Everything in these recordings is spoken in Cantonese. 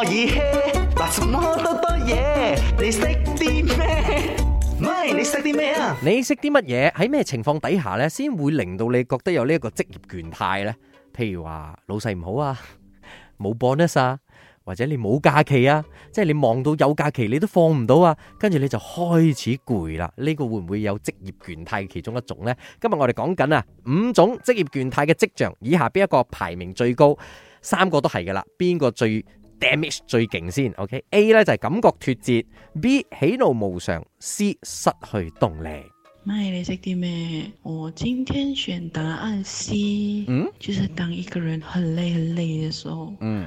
我耳氣嗱，什麼多多嘢？你識啲咩？咪你識啲咩啊？你識啲乜嘢？喺咩情況底下咧，先會令到你覺得有這呢一個職業倦怠咧？譬如話老細唔好啊，冇 bonus 啊，或者你冇假期啊，即係你忙到有假期你都放唔到啊，跟住你就開始攰啦。呢、這個會唔會有職業倦怠其中一種咧？今日我哋講緊啊，五種職業倦怠嘅跡象，以下邊一個排名最高，三個都係噶啦，邊個最？Damage 最勁先，OK？A 咧就係、是、感覺脫節，B 喜怒無常，C 失去動力。咪你識啲咩？我今天選答案 C，嗯，就是當一個人很累很累的時候，嗯。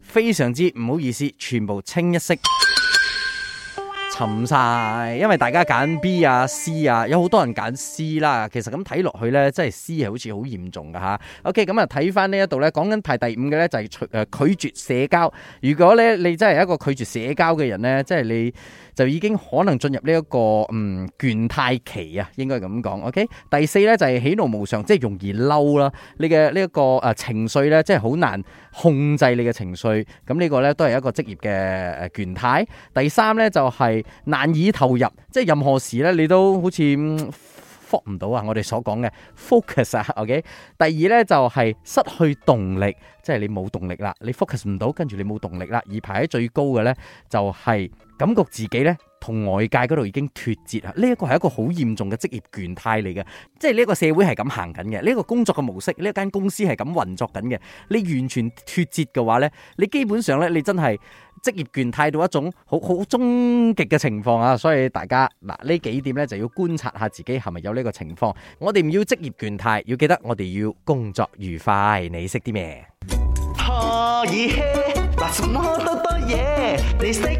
非常之唔好意思，全部清一色。冚曬，因為大家揀 B 啊、C 啊，有好多人揀 C 啦。其實咁睇落去呢，真係 C 係好似好嚴重嘅。吓，OK，咁啊睇翻呢一度呢。講緊排第五嘅呢，就係誒拒絕社交。如果呢你真係一個拒絕社交嘅人呢，即係你就已經可能進入呢、這、一個嗯倦怠期啊，應該咁講。OK，第四呢，就係、是、喜怒無常，即係容易嬲啦。你嘅呢一個誒、呃、情緒呢，即係好難控制你嘅情緒。咁呢個呢，都係一個職業嘅誒倦怠。第三呢，就係、是。難以投入，即係任何事咧，你都好似 focus 唔到啊。我哋所講嘅 focus 啊，OK。第二咧，就係失去動力，即係你冇動力啦，你 focus 唔到，跟住你冇動力啦。而排喺最高嘅咧，就係感覺自己咧，外界嗰度已經脫節啊！呢一個係一個好嚴重嘅職業倦怠嚟嘅，即係呢一個社會係咁行緊嘅，呢一個工作嘅模式，呢一間公司係咁運作緊嘅。你完全脫節嘅話呢，你基本上呢，你真係職業倦怠到一種好好終極嘅情況啊！所以大家嗱呢幾點呢，就要觀察下自己係咪有呢個情況。我哋唔要職業倦怠，要記得我哋要工作愉快。你識啲咩？